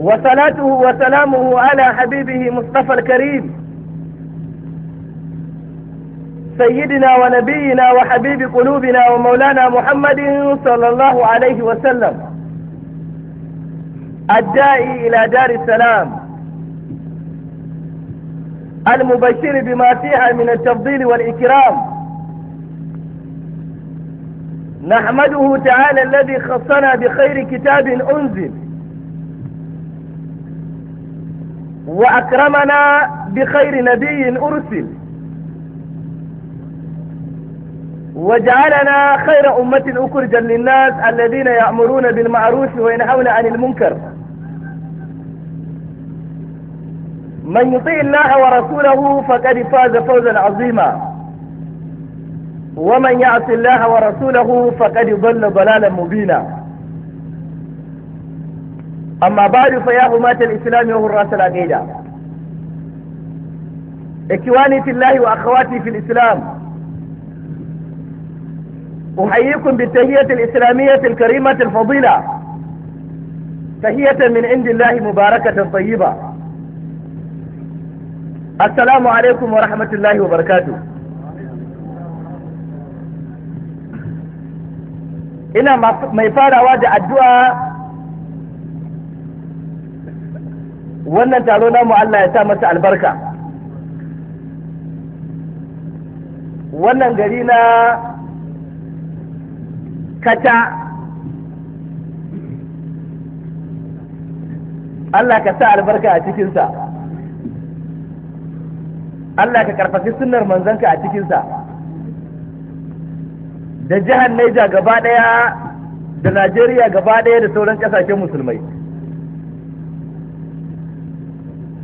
وصلاته وسلامه على حبيبه مصطفى الكريم سيدنا ونبينا وحبيب قلوبنا ومولانا محمد صلى الله عليه وسلم الداعي إلى دار السلام المبشر بما فيها من التفضيل والإكرام نحمده تعالى الذي خصنا بخير كتاب أنزل وأكرمنا بخير نبي أرسل وجعلنا خير أمة أخرجا للناس الذين يأمرون بالمعروف وينهون عن المنكر من يطيع الله ورسوله فقد فاز فوزا عظيما ومن يعص الله ورسوله فقد ضل ضلالا مبينا أما بعد فيا حماة الإسلام وهراس العقيدة إخواني في الله وأخواتي في الإسلام أحييكم بالتهية الإسلامية الكريمة الفضيلة تهية من عند الله مباركة طيبة السلام عليكم ورحمة الله وبركاته إنا ما يفعل da الدعاء wannan taro na mu Allah ya sa masa albarka wannan gari na kata Allah ka sa albarka a cikinsa Allah ka karfafi sunnar manzanka a cikinsa da jihar Niger gaba ɗaya da Najeriya gaba ɗaya da sauran ƙasashen musulmai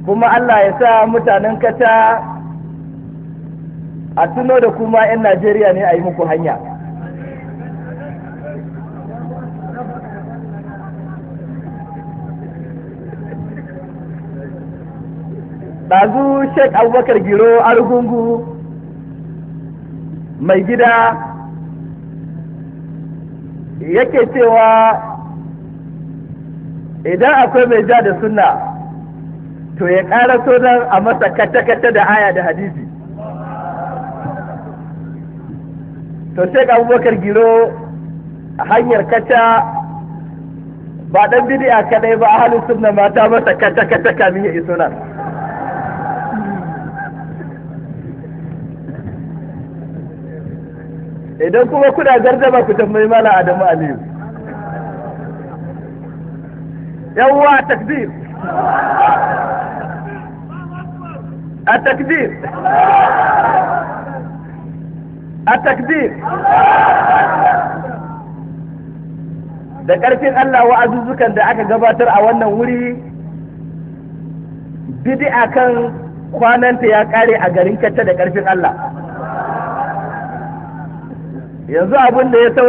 kuma Allah ya sa mutanen kata a tuno da kuma 'yan Najeriya ne a yi muku hanya ɗazu Sheikh Abubakar Giro Argungu mai gida yake cewa idan akwai mai ja da sunna to ya ƙara so a masa kata-kata da aya da hadisi to sai abubakar giro a hanyar kata ba ɗan a kaɗai ba a halin suna mata masa kata-kata kamin ya iso nan idan kuma kuna gardama ku tambayi mala adamu aliyu yawwa takbir التكبير التكبير da ƙarfin Allah wa'azuzzukan da aka gabatar a wannan wuri bidi'a kan kwananta ya ƙare a garin kacce da ƙarfin Allah yanzu abin da ya